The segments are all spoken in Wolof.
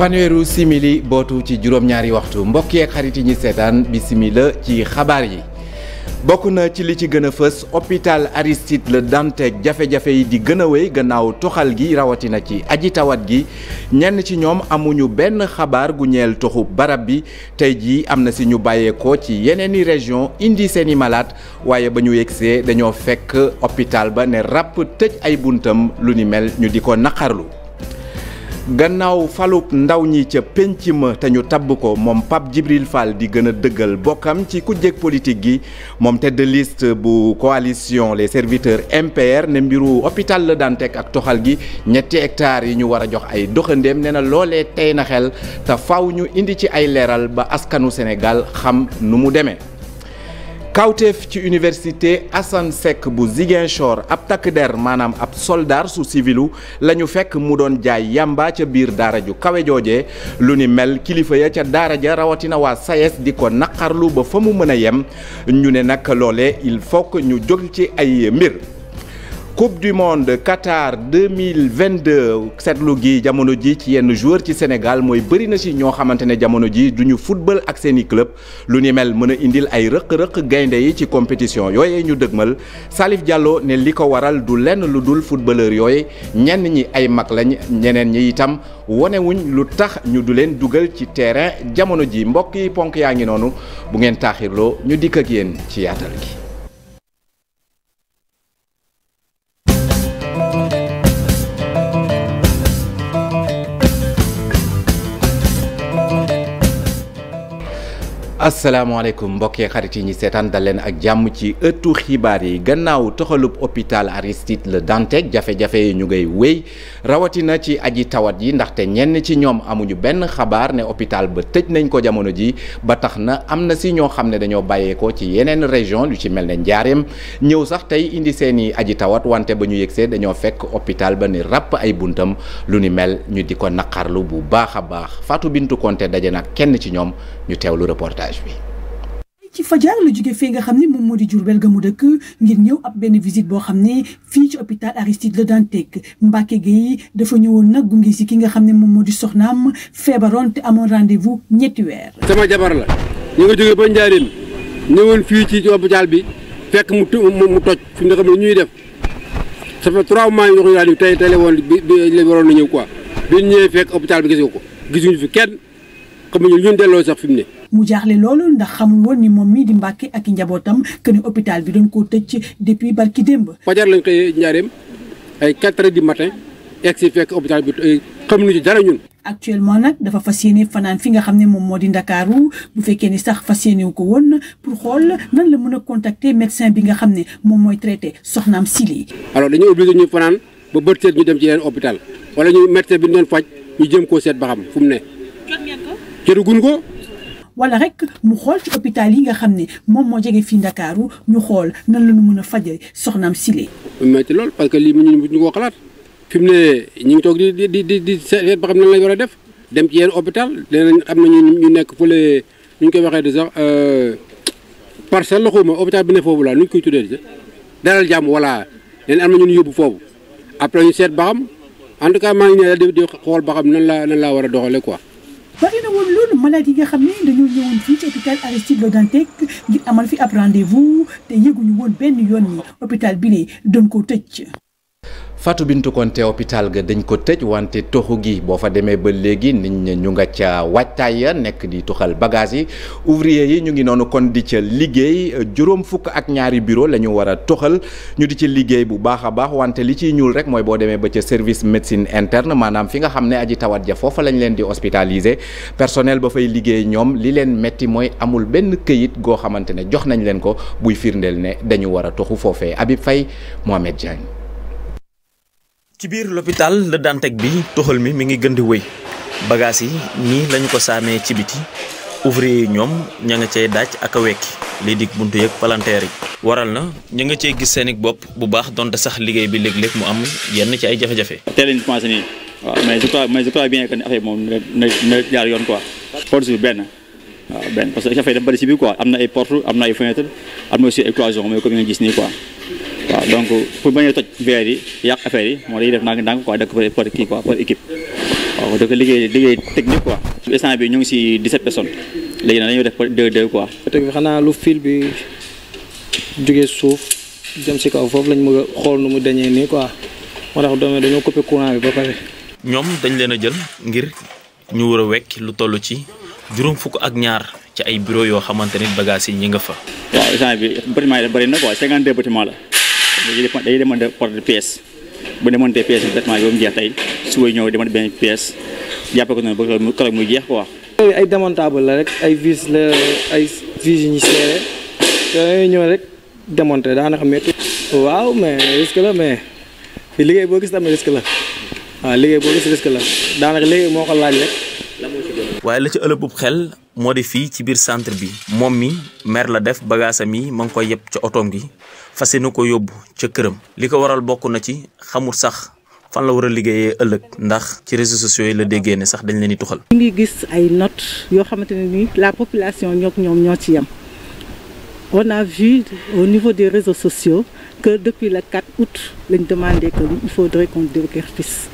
fanweeru simili bootu ci juróom-ñaari waxtu mbokk yeeg xarit yi ñu seetaan bisimila ci xabaar yi bokk na ci li ci gën a fës hôpital Aristide la Dantec jafe-jafe yi di gën a wéy gannaaw toxal gi rawatina ci aji tawat gi ñenn ci ñoom amuñu benn xabaar gu ñeel toxu barab bi tey jii am na si ñu bàyyeekoo ci yeneen i région indi seeni malaat waaye ba ñu yegsee dañoo fekk hôpital ba ne ràpp tëj ay buntam lu ni mel ñu di ko naqarlu gannaaw falug ndaw ñi ca penc ma te ñu tabb ko moom Pape Djibril Fall di gën a dëggal bokkam ci kujjeeg politique gi moom tête de liste bu coalition les serviteurs MPR ne mbiru hôpital la daan teg ak toxal gi ñetti hectares yi ñu war a jox ay doxandeem ne na loolee tey na xel te faw ñu indi ci ay leeral ba askanu Sénégal xam nu mu demee. kawteef ci université Assane Seck bu Ziguinchor ab takk der maanaam ab soldaar su civilu la ñu fekk mu doon jaay yamba ca biir daara ju kawe jooje lu ni mel kilifa ya ca daara ja rawatina waa SAES di ko naqarlu ba fa mu mën a yem ñu ne nag loole il faut que ñu jóg ci ay mbir coupe du monde Qatar 2022 seetlu gi jamono ji ci yenn joueur ci Sénégal mooy bëri na ci ñoo xamante ne jamono ji duñu futbal football ak seeni club lu ni mel mën a indil ay rëq-rëq gaynde yi ci compétition yooyee ñu dëgmal Salif Diallo ne li ko waral du lenn lu dul footballeur yooyu ñenn ñi ay mag lañ ñeneen ñi itam wonewuñ lu tax ñu du leen dugal ci terrain jamono ji mbokk yi ponk yaa ngi noonu bu ngeen taaxirloo ñu dikk ak yéen ci yaatal gi asalaamaaleykum mbokk yi xarit yi ñu seetaan dal leen ak jàmm ci ëttu xibaar yi gannaaw toxalub hôpital Aristide la dante jafe-jafe yi ñu ngay wéy rawatina ci aji tawat yi ndaxte ñenn ci ñoom amuñu benn xabaar ne hôpital ba tëj nañ ko jamono ji ba tax na am na si ñoo xam ne dañoo bàyyeekoo ci yeneen région lu ci mel ne Njaareem ñëw sax tey indi seen i aji tawat wante ba ñu yegsee dañoo fekk hôpital ba ni ràpp ay buntam lu ni mel ñu di ko naqarlu bu baax a baax Fatou Bintou Konté daje nag kenn ci ñoom ñu teewlu reportage. village bi. ci fajar la jóge fee nga xam ne moom moo di Diourbel ga mu dëkk ngir ñëw ab benn visit boo xam ne fii ci hôpital Aristide Le Dantec Mbacke Gueye dafa ñëwoon nag gunge si ki nga xam ne moom moo di soxnaam feebaroon te amoon rendez-vous ñetti weer. sama jabar la ñu nga jógee ba Njaaréem ñëwoon fii ci hôpital bi fekk mu mu toj fi nga xam ne ñuy def ça fait trois mois yoo xam tey tey la bi bi la waroon na ñëw quoi bi ñu ñëwee fekk hôpital bi gis nga ko gisuñu fi kenn xam nga ñun delloo sax fi mu ne. mu jaaxle loolu ndax xam woon ni moom mii di Mbàkke ak i njabootam que ni hôpital bi doon koo tëj depuis barki démb. fajar lañ koy njaareem ay 4 heures du matin egg si fekk hôpital bi euh, ci dara ñun. actuellement nag dafa fas yéene fanaan fi nga xam ne moom moo di ndakaaru bu fekkee ni sax fas yéene ko woon pour xool nan la mën a contacter médecin bi nga xam ne moom mooy traité soxnaam Sili. alors dañoo obligé ñu fanaan ba bët seet ñu dem ci yeneen hôpital wala ñu médecin bi ñu doon faj ñu jëm koo seet ba xam fu mu ne. jot ngeen ko. wala rek mu xool ci hôpital yi nga xam ne moom moo jege fii Ndakaaru ñu xool nan la ñu mun a faje soxnaam Sile. metti lool parce que lii mu ñu ko xalaat fi mu ne ngi toog di di di di seet ba xam nan lañ war a def dem ci yenn hôpital leneen am na ñu nekk fële nu koy waxee de sax euh, parcelle la xawma hôpital bi ne foofu la nu ñu koy tuddee de dalal jàmm voilà leneen am na ñu yóbbu foofu après ñu seet ba xam en tout cas maa ngi ne di xool ba xam nan la nan laa war a doxalee quoi. bari na woon loolu malade yi nga xam ne dañoo ñëwoon fii ci hôpital Aristide Le Dantec ngir fi ab rendez-vous te yëguñu woon benn yoon ni hôpital bi ne doon ko tëj. Fatou Bintou Konté hôpital ga dañ ko tëj wante toxu gi boo fa demee ba léegi nit ñi ñu nga ca waajtaay ya nekk di toxal bagage yi ouvrier yi ñu ngi noonu kon di ca liggéey juróom fukk ak ñaari bureau la ñu war a toxal ñu di ci liggéey bu baax a baax wante li ciy ñuul rek mooy boo demee ba ca service médecine interne maanaam fi nga xam ne aji tawat ja foofa lañ leen di hospitaliser personnel ba fay liggéey ñoom li leen metti mooy amul benn këyit goo xamante ne jox nañ leen ko buy firndeel ne dañu war a toxu foofee Habib Faye Mohamed Diagne ci biir l'hôpital Le Dantec bi toxal mi mi ngi gën di wéy bagages yi nii lañu ko saamee ci biti ouvrier yi ñoom ña nga cey daaj ak a wekki lii dig buntu yëg palanteer yi waral na ña nga cey gis seeni bopp bu baax donte sax liggéey bi léeg-léeg mu am yenn ci ay jafe-jafe teel lañu commencé nii waaw mais je crois mais je crois bien que ne affaire moom na jaar yoon quoi porte bi benn waaw benn parce que affaire dafa bëri si biir am na ay porte am na ay fenêtre am na aussi waaw donc pour bañ a toj verre yi yàq affaire yi moo dañuy def ndànk-ndànk quoi dëkk par par kii quoi par équipe waaw dëkk liggéey liggéey technique quoi instant bi ñu ngi si 17 personnes léegi nag dañoo def par 2 2 bi xanaa lu fil bi jógee si kaw foofu lañ mën xool nu mu dañee nii quoi moo tax doom dañoo coupé courant bi ba pare. ñoom dañ leen a jël ngir ñu war a wekk lu toll ci juróom fukk ak ñaar ci ay bureau yoo xamante ni bagages yi ñi nga fa. waaw instant bi bâtiment yi bëri na quoi 52 bâtiment la. dañuy demoon de ordre pièce bu demoon te pièce bi traitement bi ba mu jeex ñëw demoon benn pièce jàppee ko noonu ba keroog mu jeex quoi. yooyu ay démontable la rek ay vis la ay vis yu ñu seere yooyu ñëw rek démonté daanaka métti. waaw mais risque la mais liggéey boo gis tamit risque la waaw liggéey boo gis risque la daanaka liggéey moo ko laaj rek. waaye la ci ëllëgub xel moo di fii ci biir centre bi moom mi mer la def bagaasam yi ma ngi koy yëpp ca otoom gi fas yéene ko yóbbu ca këram li ko waral bokk na ci xamul sax fan la war a liggéeyee ëllëg ndax ci réseaux sociaux yi la déggee ne sax dañ leen di tuxal. ñu ngi gis ay not yoo xamante ne ni la population ñook ñoom ñoo ci yem on a au niveau des réseaux sociaux que depuis la 4 août lañ demandé que il faudrait qu'on déguerpisse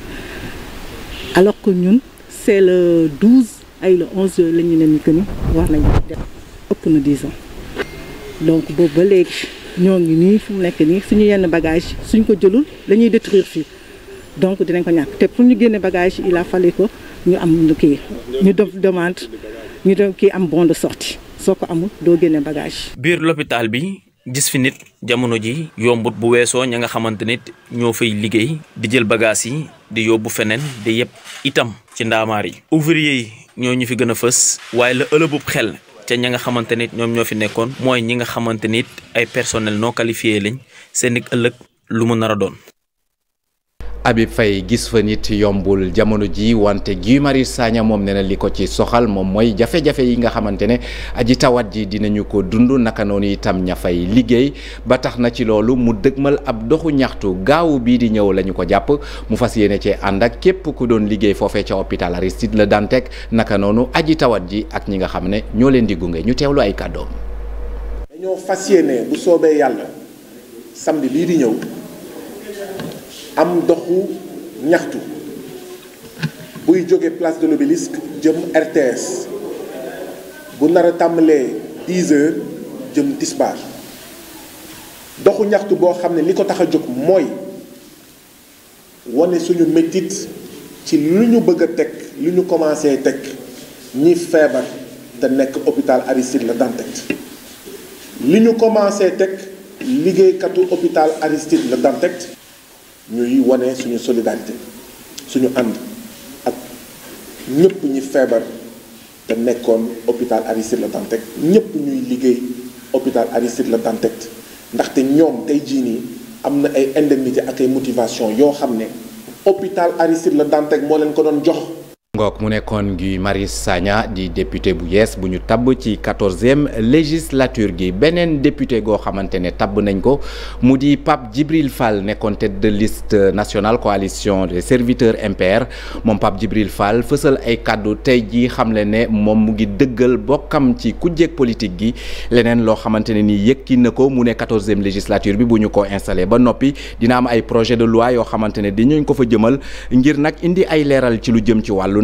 alors que ñun c'est le 12. ay le 11 la ñu ne ni que ni war nañu def ëpp na 10 donc boobu ba léegi ñoo ngi nii fu mu nekk nii suñu yenn bagage suñ ko jëlul dañuy détruire fii donc dinañ ko ñàkk te pour ñu génne bagage il a fallu ko ñu am kii ñu def demande ñu def kii am bon de sortie soo ko amul doo génne bagage biir l'hôpital bi gis fi nit jamono ji yombut bu weesoo ña nga xamante nit ñoo fay liggéey di jël bagages yi di yóbbu feneen di yëpp itam ci ndaamaar yi ouvrier yi ñoo ñu fi gën a fës waaye la ëllëbub xel ca ña nga xamante nit ñoom ñoo fi nekkoon mooy ñi nga xamante nit ay personnel non qualifié lañ seen ëllëg lu mu nar a doon Habib Faye gis fa nit yombul jamono ji wante Guy Marius Sagna moom nee na li ko ci soxal moom mooy jafe-jafe yi nga xamante ne aji tawat ji ñu ko dund naka noonu itam ña fay liggéey ba tax na ci loolu mu dëgmal ab doxu ñaxtu gaawu bii di ñëw la ko jàpp mu fas yéene cee ànd ak képp ku doon liggéey foofee ca hôpital Aristide Le Dantec naka noonu aji tawat ji ak ñi nga xam ne ñoo leen di gunge ñu teewlu ay kàddoom. dañoo fas yéene bu soobee yàlla samedi bii di ñëw. am doxu ñaxtu buy jóge place de l'obélisque jëm RTS bu nar tàmbalee 10 jëm tisbaar doxu ñaxtu boo xam ne li ko tax a jóg mooy wane suñu métit ci lu ñu bëgg a teg lu ñu commencé teg ñi feebar da nekk hôpital Aristide la Dantec li ñu commencé teg liggéeykatu hôpital Aristide la Dantec ñuy wane suñu solidarité suñu ànd ak ñëpp ñi feebar te nekkoon hôpital Aristide la Dantec ñëpp ñuy liggéey hôpital Aristide la Dantec ndaxte ñoom tey jii nii am na ay indemnité ak ay motivation yoo xam ne hôpital Aristide Le Dantec moo leen ko doon jox ngook mu nekkoon Guy Marius Sagna di député bu yees bu ñu tabb ci quatorzième législature gi beneen député goo xamante ne tabb nañ ko mu di Pape Djibril Fall nekkoon tête de national nationale coalition des serviteurs MPR moom Pape Djibril Fall fësal ay kàddu tey jii xamle ne moom mu ngi dëggal bokkam ci kujjeeg politique gi leneen loo xamante ne nii yëkki na ko mu ne quatorzième législature bi bu ñu ko installé ba noppi dina am ay projet de loi yoo xamante ne dinañ ko fa jëmal ngir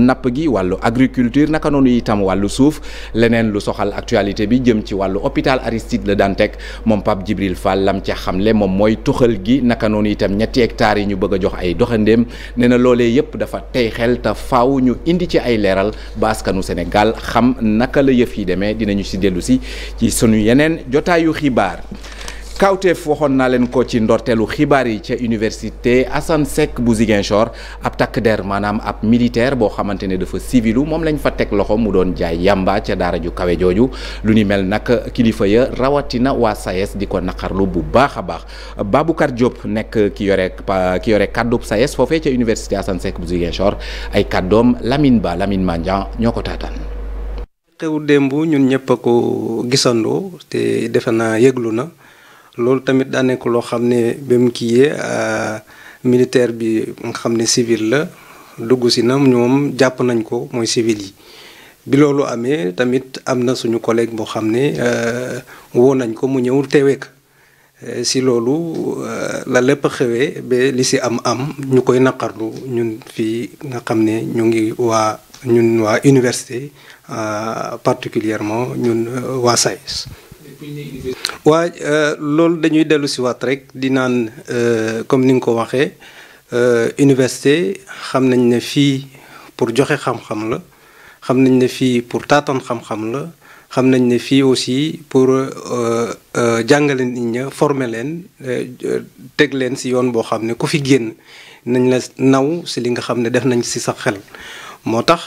napp gi wàllu agriculture naka noonu itam wàllu suuf leneen lu soxal actualité bi jëm ci wàllu hôpital Aristide daan teg moom Pape Djibril Fall lam ca xamle moom mooy tuxal gi naka noonu itam ñetti hectares yi ñu bëgg a jox ay doxandéem nee na loole yëpp dafa tey xel te faaw ñu indi ci ay leeral baaskanu askanu xam naka la yëf yi demee dinañu si dellu si ci suñu yeneen jotaayu xibaar kawteef waxoon naa leen ko ci ndorteelu xibaar yi ca université Assane Seck bu Ziguinchor ab takk der maanaam ab militaire boo xamante ne dafa civilu moom lañ fa teg loxo mu doon jaay yamba ca daara ju kawe jooju lu ni mel nag kilifa ya rawatina waa SAES e di ko naqarlu bu baax a baax Baboucar Diop nekk ki yore ki yore kàddub SAES e foofee ca université Assane Seck bu Ziguinchor ay kaddoom Lamine Ba lamin Mandian ñoo ko taataan. xew démb ñun ñëpp a ko gisandoo te defe naa yëglu na loolu tamit daa nekk loo xam ne ba mu kiiyee euh, militaire bi nga xam ne civil la dugg si na ñoom jàpp nañ ko mooy civil yi. bi loolu amee tamit am na suñu collègue boo xam ne euh, woo nañ ko mu ñëw teeweek euh, si loolu la lépp xewee ba li si am am ñu koy naqarlu ñun fii nga xam ne ñu ngi waa ñun waa université particulièrement ñun waa SAES waa euh, loolu dañuy dellu si waat rek di naan euh, comme ni nga ko waxee euh, université xam nañ ne fii pour joxe xam-xam la xam nañ ne fii pour taatan xam la xam nañ ne fii aussi pour jàngale nit ña former leen teg leen si yoon boo xam ne ku fi génn nañ la naw si li nga xam ne def nañ si sa xel moo tax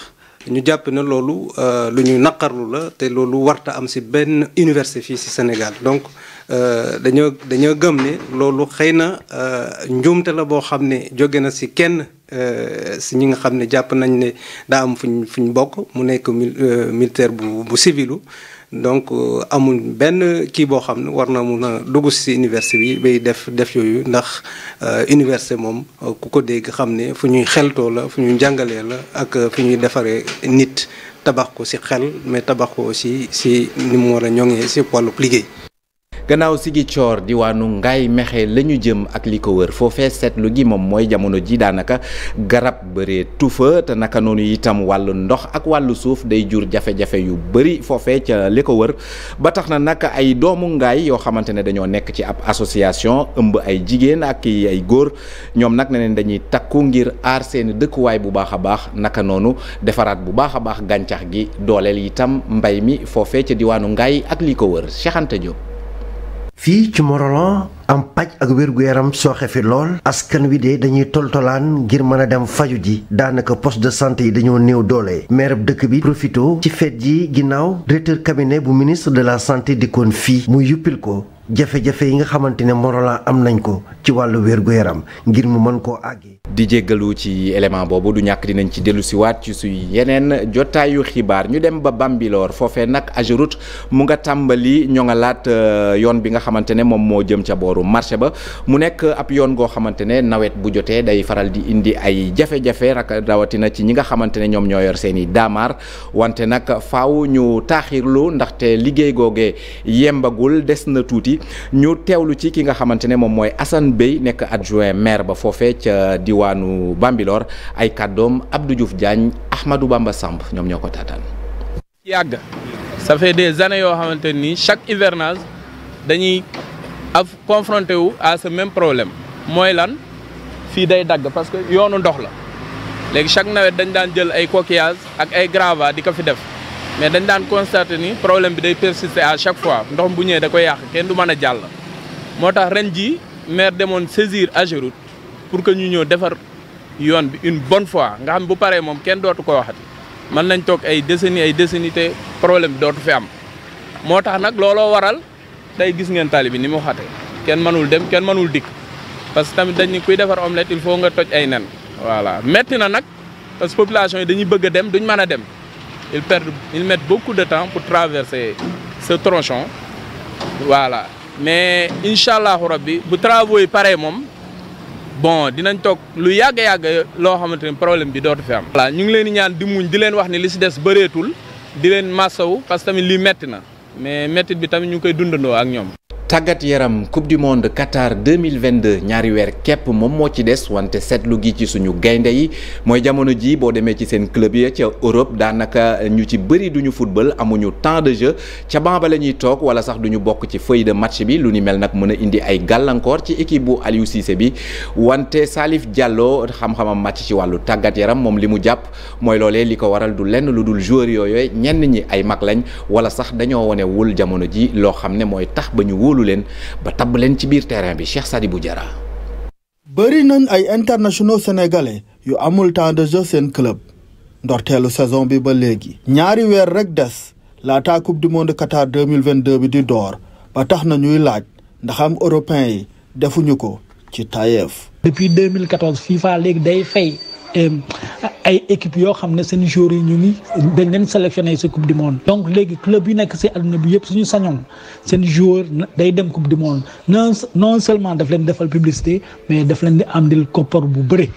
ñu jàpp na loolu euh, lu ñuy naqarlu la te loolu warta am ci benn université fii ci Sénégal donc euh, dañoo dañoo gëm ne loolu xëy na euh, njuumte la boo xam ne jóge na ci kenn ci ñi nga xam ne jàpp nañ ne daa am fuñ ñu bokk mu nekk militaire bu bu civilu donc euh, amul benn kii boo xam ne war na mun a dugg si université yi bay def def yooyu ndax euh, université moom euh, ku ko dégg xam ne fu ñuy xeltoo la fu ñu jàngalee la ak fu ñuy defaree nit tabax ko si xel mais tabax ko aussi si ni mu war a ñoŋee si wàllu liggéey. gannaaw Ziguinchor diwaanu ngaay Mekhe la ñu jëm ak li ko wër foofee seetlu gi moom mooy jamono ji daanaka garab bëree tufa te naka noonu itam wàll ndox ak wàllu suuf day jur jafe-jafe yu bëri foofee ca li ko wër ba tax na nag ay doomu Ngaye yoo xamante ne dañoo nekk ci ab association ëmb ay jigéen ak ay góor ñoom nag ne neen dañuy takku ngir aar seen dëkkuwaay bu baax a baax naka noonu defaraat bu baax a baax gàncax gi dooleel itam mbay mi foofee ca diwaanu Ngaye ak li ko wër Cheikh Anta fii ci mont am paj ak wér-gu-yaram sooxe fi lool askan wi de dañuy toltolaan ngir mën a dem faju ji daanaka poste de sant yi dañoo néew doole maire dëkk bi profito ci fête ji ginnaaw directeur cabinet bu ministre de la santé dikkoon fii muy yuppil ko jafe-jafe yi nga xamante ne Morolan am nañ ko ci wàllu wér-gu-yaram ngir mu mën koo àggee. di jéggalu ci élément boobu du ñàkk dinañ ci dellu waat ci suy yeneen jotaayu xibaar ñu dem ba Bambilor foofee nag Ageroute mu nga tàmbali ñoo nga laat euh, yoon bi nga xamante ne moom moo jëm ca booru marché ba mu nekk ab yoon goo xamante ne nawet bu jotee day faral di indi ay jafe-jafe rak rawatina ci ñi nga xamante ne ñoom ñoo yor seen i daamaar wante nag faw ñu taaxirlu ndaxte liggéey googee yembagul des na tuuti. bi ñu teewlu ci ki nga xamante ne moom mooy Assane béy nekk adjoint maire ba foofee ca diwaanu Bambilor ay kàddoom abdu Diouf Diagne Ahmadou Bamba Samb ñoom ñoo ko taataan. yàgg ça fait des années yoo xamante nii chaque hivernage dañuy af confronté wu à ce même problème mooy lan fii day dagg parce que yoonu ndox la léegi chaque nawet dañ daan jël ay coquillages ak ay grava di ko fi def. mais dañ daan constater ni problème bi day persister à chaque fois ndox bu ñëwee da koy yàq kenn du mën a jàll. moo tax ren jii maire demoon saisir Ageroute pour que ñu ñëw defar yoon bi une bonne fois nga xam bu paree moom kenn dootu ko waxati mën nañ toog ay décennies ay décennies te problème bi dootu fi am. moo tax nag looloo waral day gis ngeen tali bi ni mu xate kenn mënul dem kenn mënul dikk parce que tamit dañu ni kuy defar omelette il faut nga toj ay nen. voilà metti na nag parce dañuy bëgg a dem duñ mën a dem. ils perdent ils mettent beaucoup de temps pour traverser ce tronçon voilà mais incha allahu rabbi bu travaux yi paree moom bon dinañ toog lu yàgg yàgg loo xamante ni problème bi dootu fi am. voilà ñu ngi leen di ñaan di muñ di leen wax ni li si des bëreetul di leen massawu parce que tamit lii metti na mais mettit bi tamit ñu ngi koy dundandoo ak ñoom. tàggat yaram coupe du monde Qatar 2022 ñaari weer képp moom moo ci des wante seetlu gi ci suñu gaynde yi mooy jamono ji boo demee ci seen club ya ca Europe daanaka ñu ci bëri duñu football amuñu temps de jeu ca banc ba la ñuy toog wala sax duñu bokk ci feuille de match bi lu ni mel nag mën a indi ay gàllankoor ci équipe bu Aliou Cissé bi wante saalif jàlloo xam-xamam màcc ci wàllu tàggat yaram moom li mu jàpp mooy loolee li ko waral du lenn lu dul joueur yooyu ñenn ñi ay mag lañ wala sax dañoo wonewul jamono ji loo xam ne mooy wóolu leen ba tabb leen ci biir terrain bi Cheikh Sadibou Diarra. bëri nañ ay internationaux sénégalais yu amul temps de jeu seen club ndorteelu saison bi ba léegi. ñaari weer rek des laata coupe du monde Qatar 2022 bi di door ba tax na ñuy laaj ndax am yi defuñu ko ci tayeef. depuis 2014 FIFA léegi day fay. ay équipe yoo xam ne seen joueurs yi ñu ngi dañ leen sélectionné si coupe du monde donc léegi club yi nekk si adduna bi yëpp suñu sañoon seen joueur day dem coupe du monde non non seulement daf leen defal publicité mais daf leen di am dil bu bëri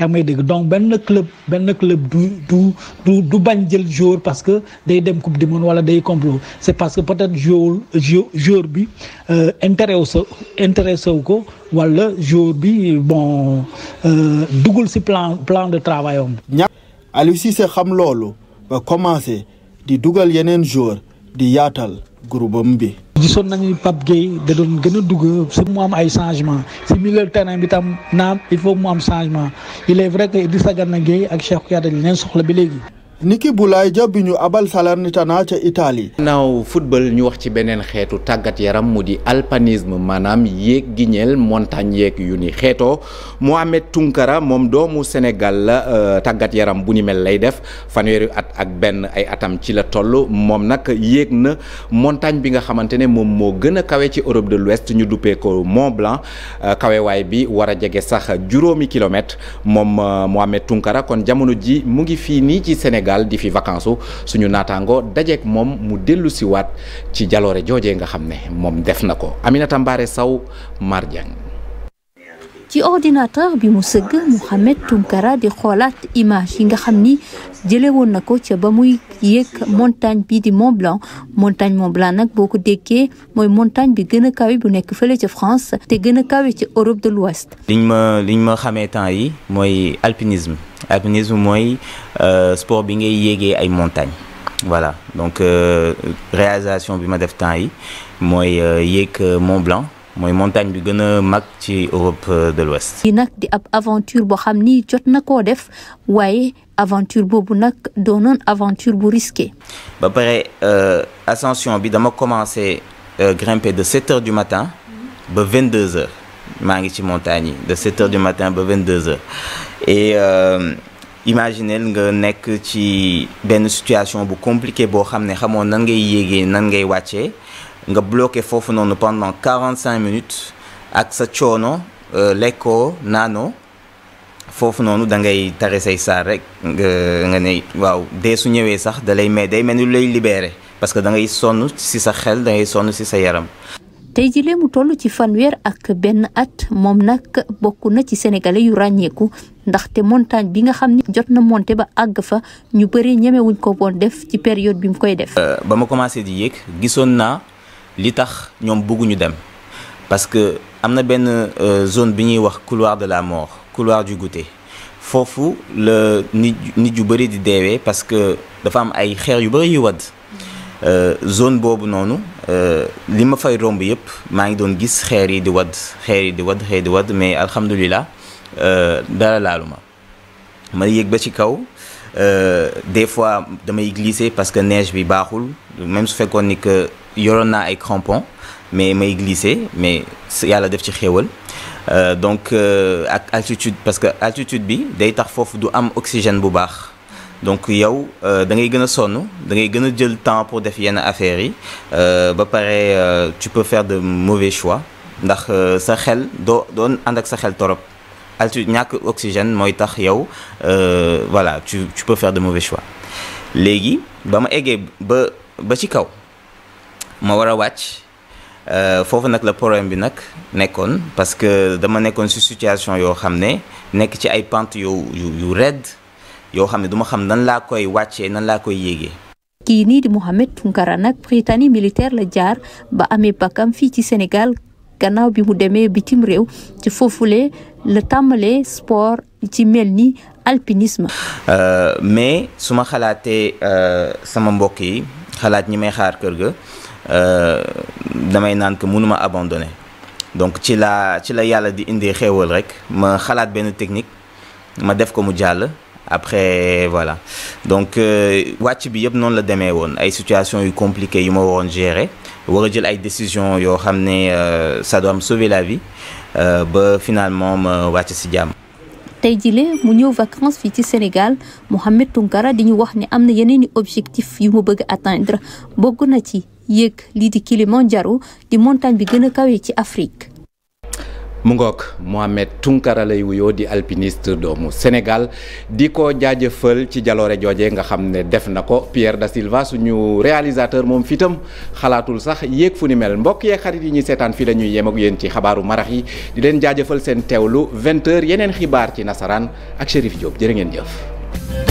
yaa may dégg donc benn club benn club du du du du bañ jël joueur parce que day dem coupe du monde wala day complot c'est parce que peut-être joueur joueur bi intéressé euh, intéressé wu ko wala joueur bi bon euh, dugul ci plan plan de travail am. ñàkk Aliou Cissé xam loolu ba commencé di dugal yeneen joueur di yaatal groupe bi. gisoon nañu Pape géey da doon gën a dugg si mu am ay changement si milieu terrain bi tam naam il faut mu am changement il est vrai que Idrissa na géey ak Cheikh Kouyaté dañ leen soxla bi léegi. niki Boulaye Dia bi ñu abal Salernitana ca Italie. naaw football ñu wax ci beneen xeetu tàggat yaram mu di alpinisme maanaam yéeg gi ñeel yéeg yu ni xeetoo amee Tunkara moom doomu Sénégal la euh, tàggat yaram bu ni mel lay def fanweeri at ak benn ay atam ci la toll moom nag yéeg na montagne bi nga xamante ne moom moo gën a kawe ci Europe de l'Ouest ñu duppee ko Mont Blanc euh, kawewaay bi war a jege sax juróomi kilomètre moom euh, amee Tunkara kon jamono ji mu ngi fii nii ci Sénégal. daal di fi vacances suñu naataango dajeek moom mu dellu si ci jaloore joojee nga xam ne moom def na ko Aminata Mbaare saw Mar Diagne ci ordinateur bi mu sëgg Mouhamed Tunkara di xoolaat image yi nga xam ni jëlee woon na ko ca ba muy yéeg montagne bii di Mont Blanc montagne Mont Blanc nag boo ko déggee mooy montagne bi gën a kawe bu nekk fële ca France te gën a kawe ci Europe de l'Ouest. liñ ma liñ ma xamee temps yi mooy alpinisme alpinisme mooy euh, sport bi ngay yéegee ay montagnes voilà donc euh, réalisation bi ma def temps yi mooy euh, yéeg Mont Blanc. mooy montagne bi gën a mag ci Europe euh, de l'Ouest. yi nag di ab aventure boo xam ni jot na koo def waaye aventure boobu nag doonoon aventure bu risqué. ba pare euh, ascension bi dama commencé euh, grimper de 7 heures du matin ba 22 heures maa ngi ci montagne yi de 7 heures du matin ba 22 heures et imaginel nga nekk ci benn situation bu compliqué boo xam ne xamoon nan ngay yéegee nan ngay wàccee. nga bloqué foofu noonu pendant 45 minutes ak sa coono euh, lekkoo naanoo foofu noonu da ngay tare say saar rek nga nga ne waaw dee su ñëwee sax dalay may day mel ni lay libéré parce que da ngay sonn si sa xel dangay sonn si sa yaram. tey jii mu toll ci fanweer ak benn at moom nag bokk na ci sénégalais yu ràññeeku ndaxte montagne bi nga xam ni jot na monte ba àgg fa ñu bëri ñemewuñ ko woon def ci période bi mu koy def. Euh, ba ma commencé di yéeg gisoon naa li tax ñoom bëgguñu dem parce que am na benn euh, zone bi ñuy wax couloir de la mort couloir du goûter foofu la nit nit yu bëri di deewee parce que dafa am ay xeer yu bëri yu wadd euh, zone boobu noonu euh, li ma fay romb yëpp maa ngi doon gis xeer yi di wadd xeer yi di wadd xeer yi di wadd mais alhamdulilah dara laalu ma ma yéeg ba ci kaw des fois damay glisser parce que neige bi baaxul même su fekkoon ni que yoroon naa ay crampons mais may glissé mais yàlla def ci xéewal euh, donc euh, ak altitude parce que altitude bi day tax foofu du am oxygène bu baax donc yow euh, da ngay gën a sonn da ngay gën a jël temps pour def yenn affaires yi ba pare tu peux faire de mauvais choix ndax sa xel doo doon ànd ak sa xel torop altitude ñàkk oxygène mooy tax yow voilà tu tu faire de mauvais choix léegi ba ma eggee ba ba ci kaw. ma war a wàcc euh, foofu nag la problème bi nag nekkoon parce que dama nekkoon si situation yoo xam ne nekk ci ay pente yu yu yu yoo xam ne du xam nan laa koy wàccee nan laa koy yéegee. kii nii di Mohamed Tunkara nag Prytanée militaire la jaar ba amee bakkam fii ci Sénégal gannaaw bi mu demee bitim réew ci foofule la tàmbalee sport ci mel ni alpinisme. Euh, mais suma ma xalaatee euh, sama mbokk yi xalaat ñi may xaar kër ga. Euh, damay naan que mënuma abandonné donc ci la ci la yàlla di indi xewal rek ma xalaat benn technique ma def ko mu jàll après voilà donc euh, wàcc bi yëpp noonu la demee woon ay situation yu compliquées yu ma waroon gérer war a jël ay décision yoo xam ne euh, ça doit me sauver la vie ba finalement ma wàcc si jàmm tey jile mu ñëw vacances fii ci Sénégal Mouhamed Tounkara di ñu wax ni am na yeneen i objectif yu mu bëgg atteindre bokk na ci yëg lii di Kilimanjaro di montagne bi gën a kawe ci Afrique mu ngook Mohamed Tunkara lay wuyoo di alpiniste doomu Sénégal di ko jaajëfal ci jaloore jooje nga xam ne def na ko Pierre da Silva suñu réalisateur moom fitam xalaatul sax yéeg fu ni mel mbokk yee xarit yi ñuy seetaan fii la ñuy yem yéen ci xabaaru marax yi di leen jaajëfal seen teewlu 20h yeneen xibaar ci nasaraan ak Chérif Diop jërë ngeen jëf.